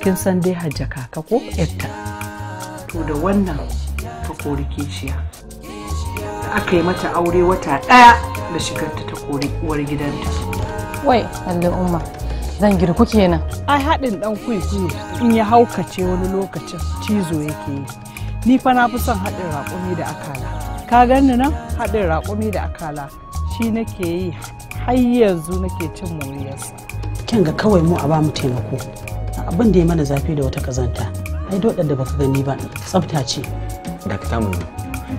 kin san dai hajja kaka ko yatta to da wannan ta kori kishiya da aka yi mata aure wata ɗaya da shigarta ta kori uwar gidanta wai allah umma zan girku kenan ai haɗin ɗan kuikuyu in ya haukace wani lokacin cizo yake yi ni fa na fi son haɗin raƙumi da akala ka ganni nan haɗin raƙumi da akala shi nake yi har yanzu nake cin moriyarsa kin ga kawai mu a ba mu taimako abin da ya mana zafi da wata kazanta ai dodar da baka gani ba tsafta ce dakta mu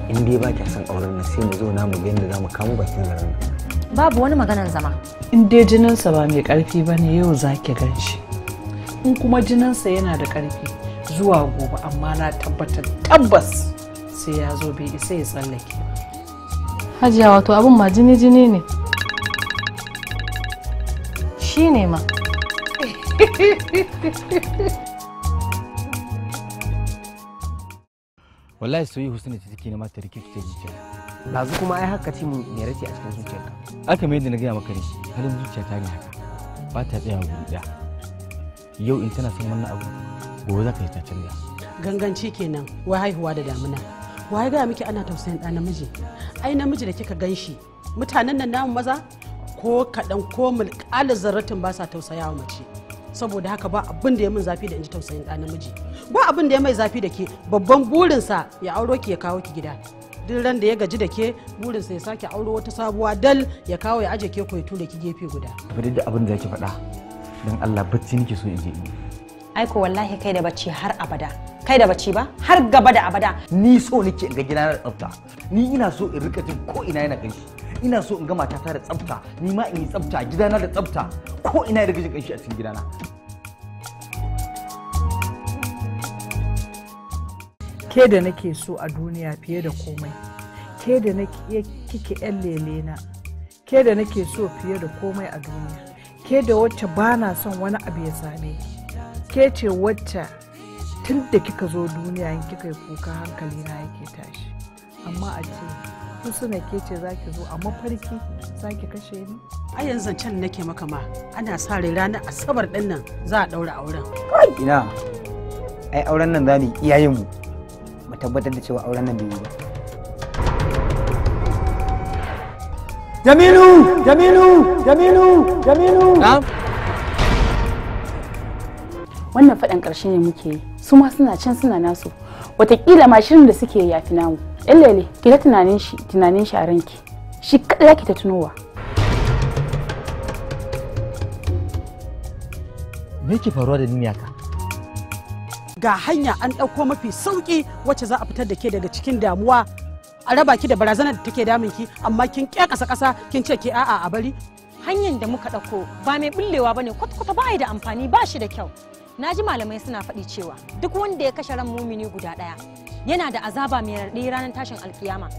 in dai ba kya son auren na sai mu zo na mu da za mu kamo bakin zaren babu wani maganan zama in dai jininsa ba mai karfi ba ne yau za ki in kuma jininsa yana da karfi zuwa gobe amma na tabbatar tabbas sai ya zo bai isa ya tsallake hajiya wato abin ma jini jini ne shi ne ma wallahi soyi husna ce take nema ta rikici ta zuciya kuma ai haka ce mu me race a cikin zuciyarka aka mai da na gaya maka ne halin zuciya ta ne haka ba ta tsaya guri daya yau in tana son wannan abu gobe za ka yi ta canza ganganci kenan wai haihuwa da damuna wai gaya miki ana tausayin ɗa namiji ai namiji da kika ganshi mutanen nan namu maza ko kaɗan ko mulƙalin zarratin ba sa tausayawa mace saboda haka ba abin da ya min zafi da inji ji tausayin ɗa namiji ba abin da ya mai zafi da ke babban burinsa ya auro ki ya kawo ki gida duk ran da ya gaji da ke burinsa ya sake auro wata sabuwa dal ya kawo ya aje ke ko ya tura ki gefe guda abin da abin da yake faɗa don Allah bacci nake so in je ni ai ko wallahi kai da bacci har abada kai da bacci ba har gaba da abada ni so nake ga gida na tsafta ni ina so in rika jin ko ina yana kai ina so in ga matata da tsafta ni ma in yi tsafta gidana da tsafta ko ina da gajin kanshi a cikin gidana ke da nake so a duniya fiye da komai ke da nake kike yan lelena ke da nake so fiye da komai a duniya ke da wacce ba na son wani abu ya same ki ke ce wacce tun da kika zo duniya in kika yi kuka hankali na yake tashi amma a ce su suna ke ce za ki zo a mafarki za ki kashe ni a yanzu can nake maka ma ana sa rai ranar asabar din nan za a daura auren ina ai auren nan za mu iyayen mu mu tabbatar da cewa auren nan bai yi ba Jamilu! Jamilu! Jamilu! Jaminu! Wannan faɗin ƙarshe ne muke yi, su ma suna can suna nasu, wataƙila mashirin da suke yafi namu. Illele, ki ta tunanin shi, tunanin shi a ranki. Shi kaɗai ki ta tunowa. Me ke faruwa da duniya ka? Ga hanya an ɗauko mafi sauƙi wacce za a fitar da ke daga cikin damuwa a raba ki da barazanar da take damun ki amma kin ƙya ƙasa ƙasa kin ce ki a'a a bari. Hanyar da muka ɗauko ba mai bullewa ba ne kwata-kwata ba da amfani ba shi da kyau. Na ji malamai suna faɗi cewa duk wanda ya kashe ran mumini guda ɗaya yana da azaba mai raɗi ranar tashin alkiyama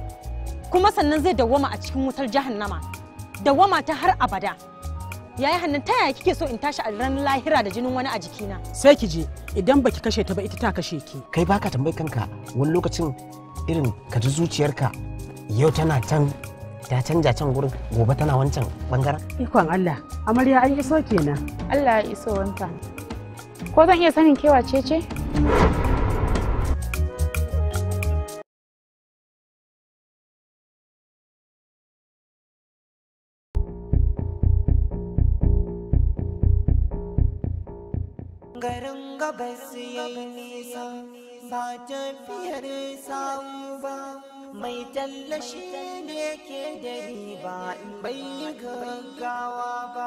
kuma sannan zai dawwama a cikin wutar jahannama dawwama ta har abada yayi hannun ta yaya kike so in tashi a ranar lahira da jinin wani a jikina sai ki je idan baki kashe ta ba ita ta kashe ki kai baka tambayi kanka wani lokacin irin ka ji zuciyarka yau tana can ta canja can gurin gobe tana wancan bangaren ikon Allah amarya an iso kenan Allah ya iso wanta ko zan iya sanin kewa ce ce garin gabas ya yi nisa ba tafiyar sawu ba mai tallashi ne ke da riba in bai gaggawa ba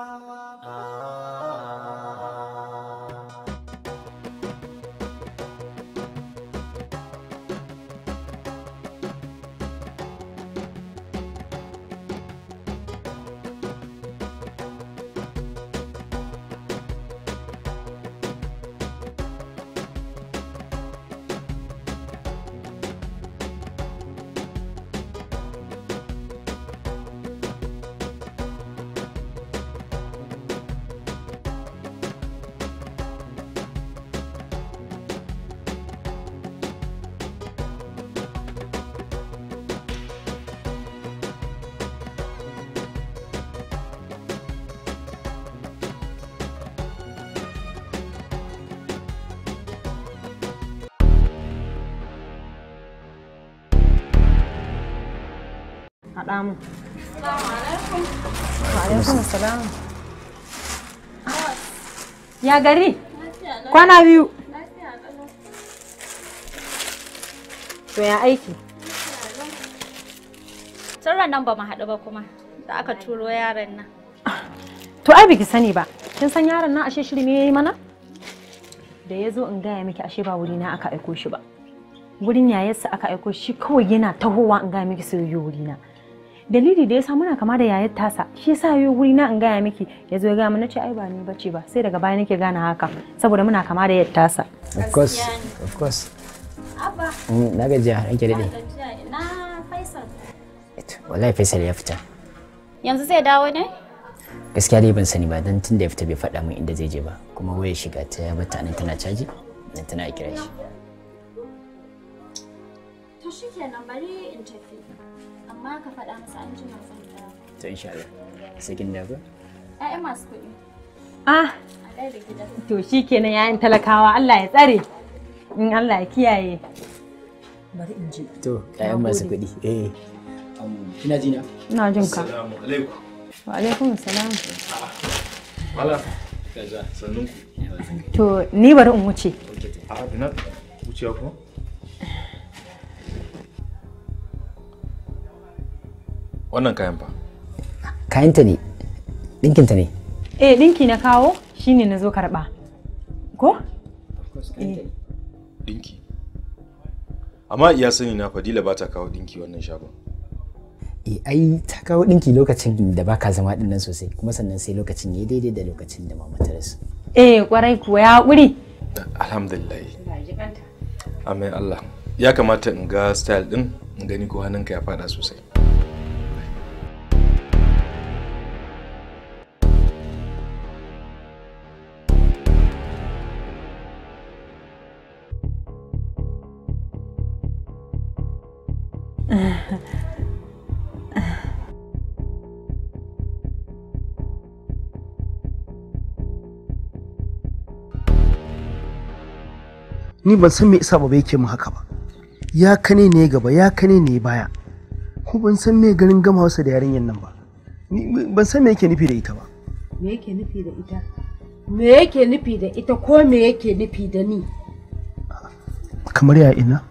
faɗa min. Ya gari? Kwana biyu. To ya aiki? Tun nan ba mu haɗu ba kuma da aka turo yaron nan. To ai biki sani ba. Kin san yaron nan ashe shirme yayi mana? Da ya zo in gaya miki ashe ba wuri na aka aiko shi ba. Wurin yayarsa aka aiko shi kawai yana tahowa in gaya miki sai wuri na. dalili da yasa muna kama da yayar tasa shi yasa yau wuri na in gaya miki ya ya gaya mana ce ai ba ni bace ba sai daga baya nake gane haka saboda muna kama da yayar tasa of course of course abba mm, na gajiya ranke dade na faisal wallahi faisal ya fita yanzu zai dawo ne gaskiya dai ban sani ba dan tun da ya fita bai faɗa min inda zai je ba kuma waya shiga ta ya bata nan tana caji nan tana kira shi to shikenan bari amma ka faɗa masa an jima zan dawo to insha Allah sai kin dawo ƴaƴan masu kuɗi ah to shikenan yayin talakawa Allah ya tsare in Allah ya kiyaye bari in ji to ƴaƴan masu kuɗi eh kina ji na ina jin ka assalamu alaikum wa alaikum assalam ah, wala kaza sannunku to ni bari in wuce a wuce wuciya ko wannan kayan fa kayanta ne ta ne eh ɗinki na kawo shine na zo karɓa ko eh. ɗinki amma iya sani na fadila ba ta kawo ɗinki wannan shagon eh ai ta kawo ɗinki lokacin da baka zama ɗin nan sosai kuma sannan sai lokacin ya daidai da lokacin da mama ta rasu eh kwarai kuwa ya haƙuri alhamdulillah amin allah ya kamata in ga style ɗin in gani ko hannunka ya fada sosai ni ban san me isa ba yake min haka ba ya kane ne gaba ya kane ne baya ko ban san me garin gama wasa da yarinyan nan ba ban san me yake nufi da ita ba me yake nufi da ita me yake nufi da ita ko me yake nufi da ni kamar ya ina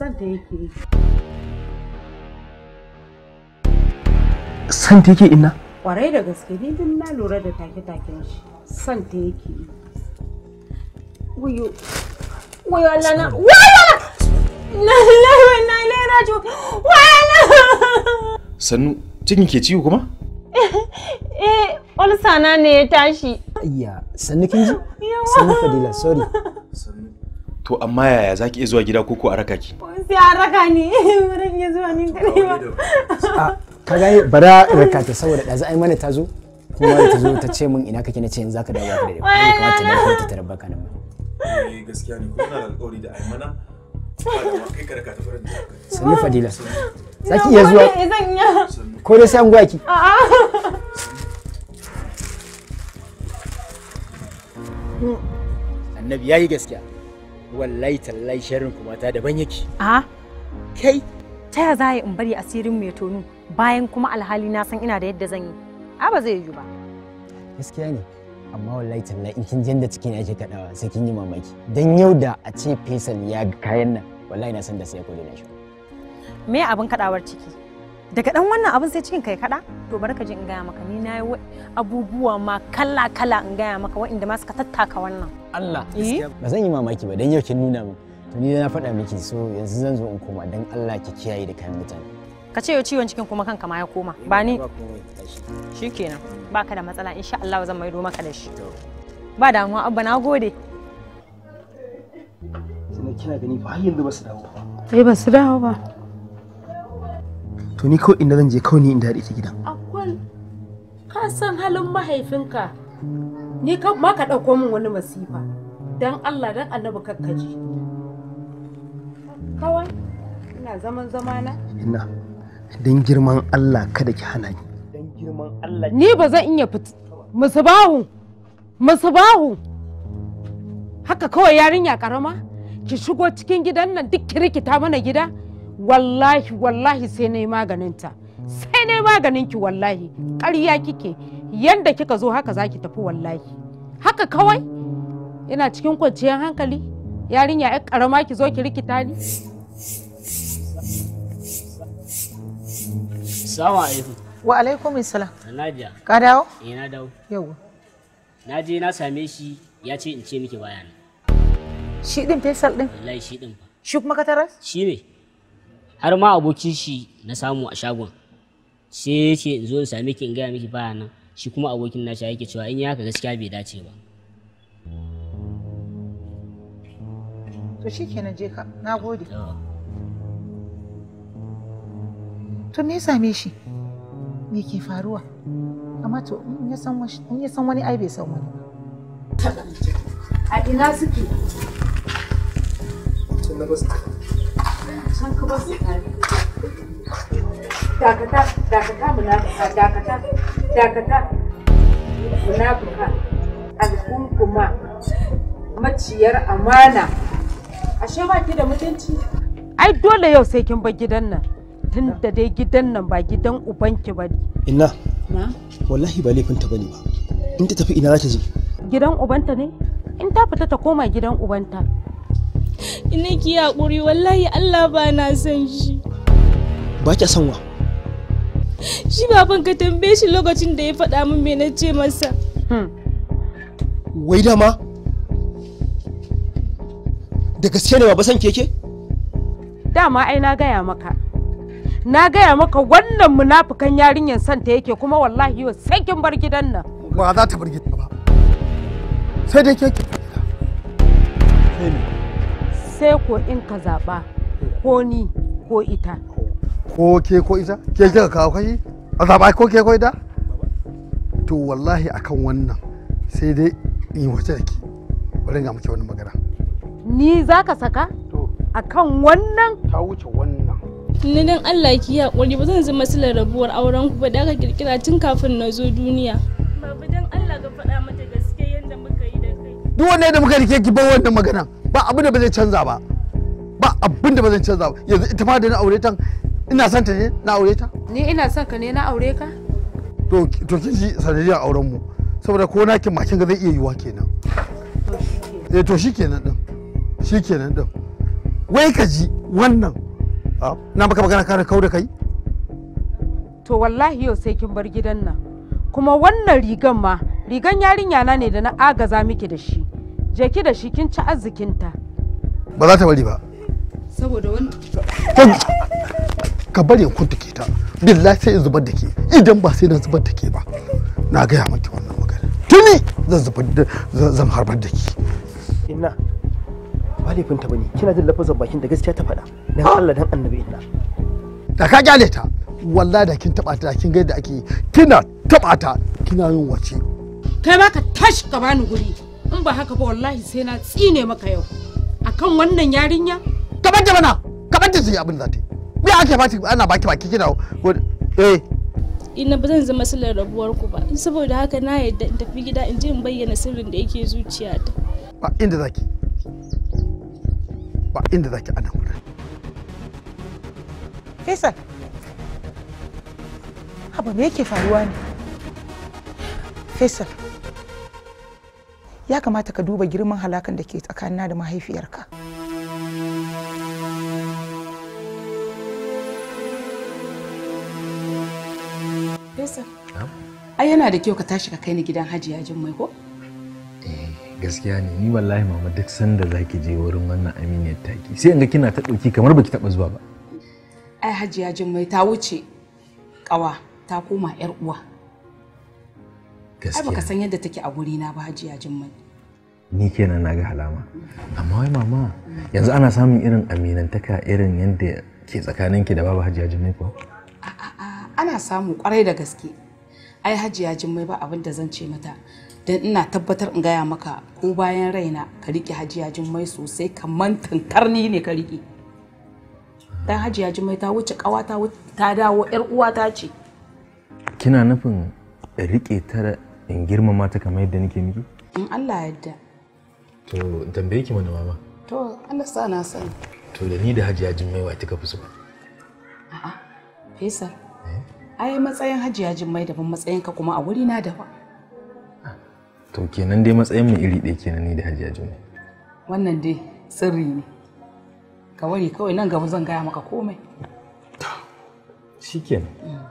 santa yake santa yake ina kwarai da gaske ni din na lura da take-taken shi santa yake yi wayo wayo Allah na wayo lallai wannan lera jo wayo sannu cikin ke ciwo kuma eh olsana ne ya tashi iya sannu kin ji sannu fadila sorry to amma yaya za ki iya zuwa gida koko a raka ki sai a raka ni wurin ya zuwa ni kadai ba ah, ka gane bara raka ta saboda ɗazu ai mana ta zo kuma ta zo ta ce min ina kake na ce yanzu zaka dawo ka da kamata na ta tarabba nan eh gaskiya ne kuma na alƙawari da aimana da ta sannu fadila za ki iya zuwa ko dai sai an gwaki annabi yayi gaskiya wallahi tallahi sharrin kuma ta daban yake a kai ta ya za in bari asirin mai tonu bayan kuma alhali na san ina da yadda zan yi a ba zai yiwu ba gaskiya ne amma wallahi talla in kin janda cikin ake kadawa sai kin yi mamaki dan yau da a ce fesal ya ga kayan nan wallahi na san da sai ko na shi me abin kadawar ciki daga dan wannan abin sai cikin kai kada to barka ji in gaya maka ni na yi abubuwa ma kala kala in gaya maka wa'inda ma suka tattaka wannan Allah eh? ba zan yi mamaki ba dan yau kin nuna mu to ni na faɗa miki so yanzu zan zo in koma dan Allah ki kiyaye da kan mutane ka ce yau ciwon cikin kuma kanka ma ya koma ba ni shi ba baka da matsala insha Allah zan maido maka da shi ba damuwa abba na gode sannan kina gani ba yanzu ba su dawo ba ai eh, ba su dawo ba to ni ko inda zan je kawai ni inda ta gidan akwai ka san halin mahaifinka ni ka ma ka dauko min wani masifa dan Allah dan annabi kakkaji kawai ina zaman zamana ina don girman Allah kada ki hana ni ni ba zan iya fita Musu bahu! haka kawai yarinya karama ki shigo cikin gidan nan duk ki rikita mana gida wallahi wallahi sai na yi maganinta sai na yi maganinki wallahi ƙarya kike yanda kika zo haka za ki tafi wallahi haka kawai ina cikin kwanciyar hankali yarinya 'yar ƙarama ki zo ki rikita ni Assalamu alaikum. Wa alaikum salam. Nadia. Ka dawo? Eh na dawo. Yau. Na je na same shi ya ce in ce miki bayana. Shi din Faisal din? Wallahi shi din. Shi kuma ka Shi ne. Har ma abokin shi na samu a shagon. Sai yake in zo in same ki in gaya miki bayana. Shi kuma abokin na shi yake cewa in ya ka gaskiya bai dace ba. To shi na je ka. Na gode. to me ya same shi me ke faruwa amma to in ya san wani ai bai san wani a ina suke can na basu can ka basu tare dakata dakata munafuka dakata dakata munafuka alkunkuma maciyar amana ashe ba ki da mutunci ai dole yau sai kin bar gidan nan tun da dai gidan nan ba gidan ubanki ba ne Inna, wallahi ba laifinta ba ne ba in ta tafi ina za ta je gidan ubanta ne in ta fita ta koma gidan ubanta ina ki haƙuri wallahi allah ba na son shi ba kya san wa shi baban ka tambaye shi lokacin da ya faɗa min me na ce masa hmm. wai dama da gaske ne ba san keke dama ai na gaya maka na gaya maka wannan munafukan yarinyar santa yake kuma wallahi yau sai kin bar gidan nan ba za ta bar gidan ba sai dai ke sai ko in ka zaba ko ni ko ita ko ke ko ita ke ka kawo kai a zaba ko ke ko ita to wallahi akan wannan sai dai in wace da ke bari ga muke wani magana ni za ka saka akan wannan ta wuce wannan ni dan Allah ki hakuri ba zan zama silar rabuwar auren ku ba da aka kirkira tun kafin na zo duniya babu dan Allah ka faɗa mata gaske yadda muka yi da kai duk wanda da muka rike ki ba wannan magana ba abin da ba zai canza ba ba abin da ba zai canza ba yanzu ita ma da na aure ta ina son ta ne na aure ta ni ina son ka ne na aure ka to to kin ji sanadiyar auren mu saboda ko nakin makin ga zai iya yiwa kenan eh to shikenan din shikenan din wai ka ji wannan na maka magana kana kau da kai to wallahi yau sai kin bar gidan nan kuma wannan rigan ma rigan yarinya na ne da na agaza miki da shi je ki da shi kin ci arzikinta ba za ta bari ba saboda wannan ka bari in kuntuke ta billahi sai in zubar da ke idan ba sai na zubar da ke ba na gaya miki wannan magana tuni zan zubar zan harbar da ke ina ba laifinta bane kina jin lafazan bakin da gaskiya ta faɗa dan Allah dan annabi ina da ka kyale ta wallahi da kin taba ta kin ga yadda ake kina taba ta kina yin wace kai ma ka tashi ka bani guri in ba haka ba wallahi sai na tsine maka yau akan wannan yarinya ka banta mana ka banta su abin da ta me ake baki ana baki baki kina eh ina ba zan zama silar rabuwar ku ba saboda haka na yadda in tafi gida in je in bayyana sirrin da yake zuciyata ba inda zaki ba inda zaki anan. Faisal. abu me yake faruwa ne? Faisal. Ya kamata ka duba girman halakan da ke tsakanina da mahaifiyarka. Ai yana da kyau ka tashi ka kai ni gidan Hajiya Jummai ko? Eh, gaskiya ne ni wallahi mama duk sanda zaki je wurin wannan aminiyar taki sai in ga kina ta dauki kamar baki taba zuwa ba ai hajiya jimmai ta wuce kawa ta koma yar uwa ai baka san yadda take a guri na ba hajiya jimmai ni kenan naga halama amma wai mama yanzu ana samun irin aminantaka irin yadda ke tsakanin ki da baba hajiya jimmai ko ana samu kwarai da gaske ai hajiya jimmai ba abin da zan ce mata don ina tabbatar in gaya maka ko bayan raina ka riƙe hajiya jimmai sosai kamar tankarni ne ka riƙe dan hajiya jimai ta wuce kawata ta dawo yar uwata ce kina nufin rike ta in girmama ta kamar yadda nake miki in Allah yadda to in tambaye ki mana mama to Allah sa na sani to da ni da hajiya jimai wa ta kafi so a'a fesa eh? ai matsayin hajiya jimai daban matsayin ka kuma a wuri na da ah, to kenan dai matsayin mu iri ɗaya kenan ni da hajiya jimai wannan dai sirri ne ka bari kawai nan gaba zan gaya maka komai shikenan mm.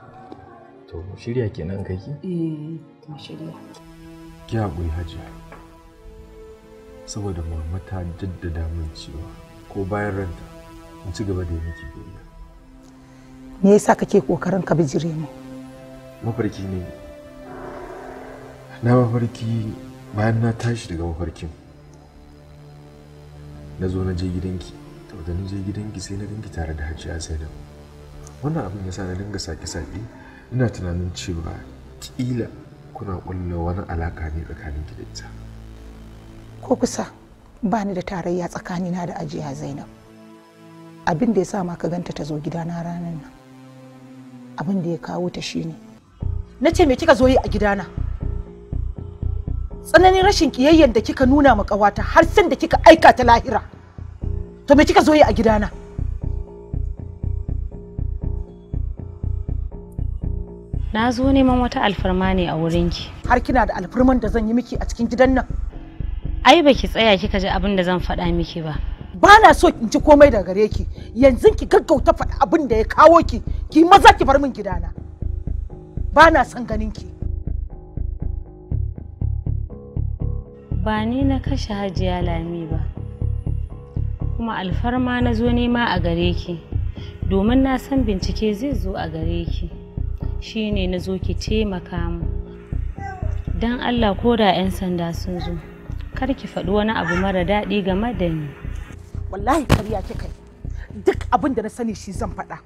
to shirya kenan kake? eh to shirya ki haƙuri hajiya saboda mama ta jaddada min cewa ko bayan ranta in ci gaba da yi miki biyayya me yasa kake kokarin ka bijire mu mafarki ne na mafarki bayan na tashi daga mafarkin na zo na je gidanki to da je gidanki sai na dinki tare da hajiya zainab wannan abin ya sa na dinga sake-sake ina tunanin cewa kila kuna ƙulla wani alaka ne tsakanin ki da ita ko kusa bani da tarayya tsakanina da ajiya zainab abin da ya sa ma ka ganta ta zo gidana ranar nan abin da ya kawo ta shine na ce me kika zo yi a gidana tsananin rashin kiyayyar da kika nuna ma ƙawata har san da kika aika ta lahira to me kika zo yi a gidana na zo neman wata alfarma ne a wurinki har kina da alfarman da zan yi miki a cikin gidan nan ai ba ki tsaya kika ji abin da zan faɗa miki ba ba na so in ci komai daga gare ki yanzu ki gaggauta faɗa abin da ya kawo ki ki maza ki bar min gidana ba na son ganin ki ba ni na kashe hajiya lami ba kuma alfarma na zo nema a gare ki domin na san bincike zai zo a gare ki shi ne na zo ki taimaka mu don allah ko da 'yan sanda sun zo kar ki faɗi wani abu mara daɗi game da ni wallahi karya kika duk abin da na sani shi zan faɗa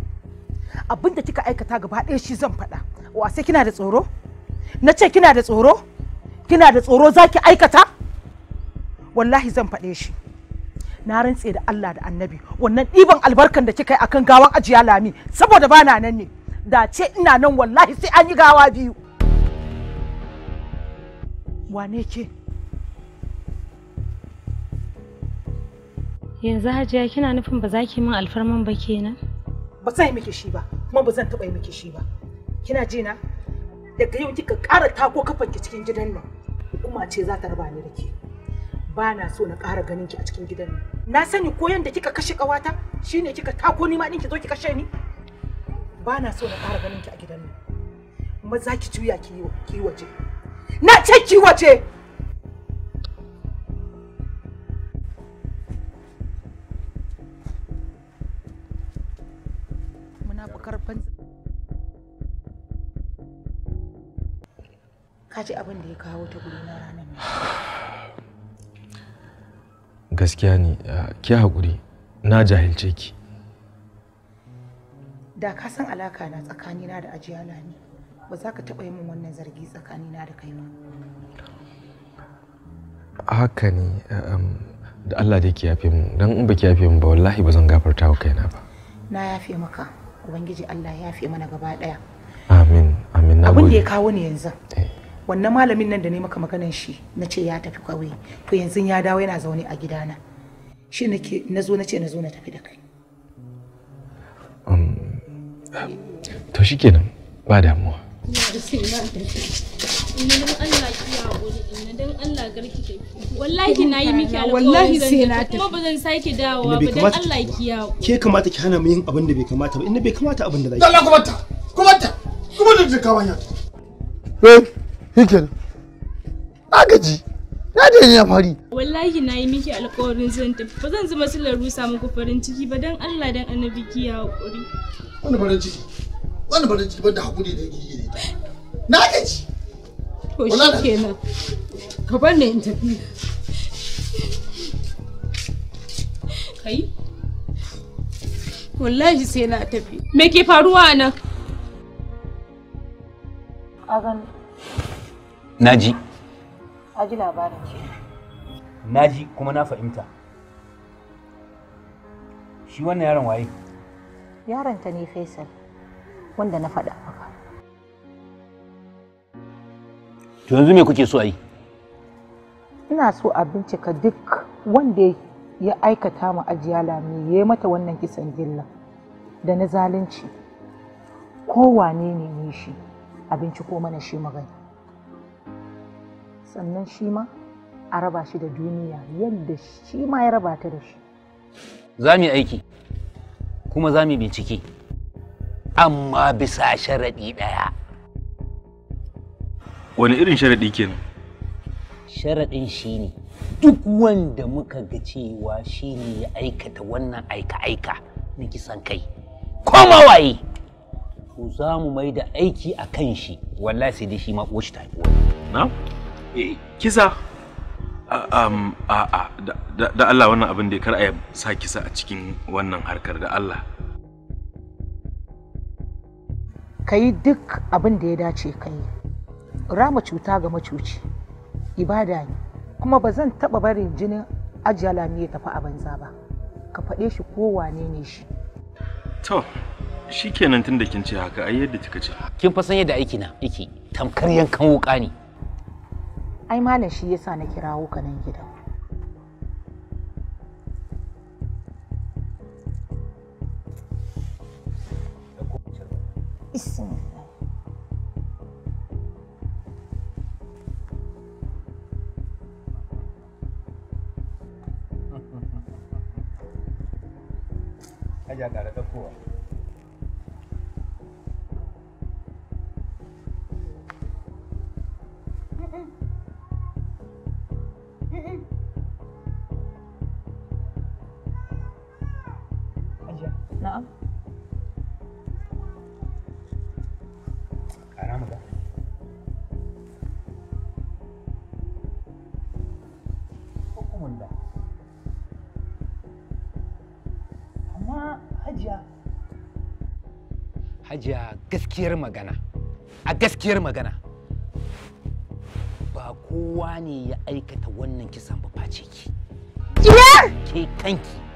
abin da kika aikata gaba ɗaya shi zan faɗa wa sai kina da tsoro na ce kina da tsoro kina da tsoro za ki aikata wallahi zan faɗe shi na rantse da Allah da annabi wannan ɗiban albarkan da kika yi akan gawan ajiya lami saboda ba nan ne da ce ina nan wallahi sai an yi gawa biyu wane ke yanzu hajiya kina nufin ba za ki min alfarman ba kenan ba zan miki shi ba kuma ba zan taɓa yi miki shi ba kina ji na daga yau kika ƙara tako kafanki cikin gidan nan kuma ce za ta raba ni da ke ba na so na ƙara ganin ki a cikin gidan nan na sani ko yanda kika kashe kawata shine kika tako ni ma din ki zo ki kashe ni ba na so na fara ganin ki a gidan nan za ki juya ki yi waje na ce ki waje ka ji abin da ya kawo ta gurin na ranar nan gaskiya ne ki haƙuri na jahilce ki da ka san alaka na tsakanina da ajiya ne, ba za ka taɓa yi min wannan zargi tsakanina da kai ba haka ne da Allah da ki yafe mu dan in baki yafe mu ba wallahi ba zan gafarta wa kaina ba na yafe maka ubangiji Allah ya yafe mana gaba daya amin amin na abin da ya kawo ni yanzu eh. wannan malamin nan da ne maka maganan shi na ce ya tafi kwawe to yanzu ya dawo yana zaune a gidana shi nake na zo na ce na zo na tafi da kai um, to kenan ba damuwa wallahi na yi miki alƙawarin zan kuma ba zan sake dawowa ba dan Allah ki yawo ke kamata ki hana mu yin abin da bai kamata ba inda bai kamata abin da zai Allah ku batta ku batta ku batta da kawanya eh Yake na gaji. Na je yin fari. Wallahi na yi miki alƙawarin zan tafi. Ba zan zama silar rusa muku farin ciki ba dan Allah dan annabi ki ya hakuri Wani farin ciki. Wani farin ciki ban da hakuri da yake yi. Na gaji. To shi kenan. Ka bar ni in tafi. Kai. Wallahi sai na tafi. Me ke faruwa nan? A Naji. Aji labarin ke. Naji kuma na fahimta. Shi wannan yaron waye? Yaron ta ne Faisal, wanda na faɗa maka. To yanzu me kuke so a yi? Ina so a bincika duk wanda ya aikata mu ajiya lami ya yi mata wannan kisan gilla da na zalunci. Ko wane ne ne shi? A binciko mana shi magani. sannan shi ma a raba shi da duniya yadda shi ma ya raba ta da shi za mu aiki kuma za mu bincike amma bisa sharaɗi ɗaya wani irin sharaɗi kenan sharaɗin shi ne duk wanda muka ga cewa shi ne ya aikata wannan aika-aika na kisan kai koma waye Ku za mu mai da aiki a kan shi wallahi sai dai shi ma ƙoshi ta na Eh, kisa um, a a da Allah wannan abin da kar a sa kisa a cikin wannan harkar da Allah ka yi duk abin da ya dace ka yi rama cuta ga macuci ibada ne kuma ba zan taba barin jinin ajiya lami ya tafi a banza ba ka faɗe shi ko wane ne shi to shi kenan tun da kin ce haka ai yadda kika ce kin fa san yadda aiki na yake tamkar yankan wuka ne ai malam shi yasa na kirawo ka nan gidan enough. Caramba. Ko kuma da. Amma Hajiya. Hajiya gaskiyar magana. A gaskiyar magana. Ba kowa ne ya aikata wannan kisan ba face ki. Ke kanki.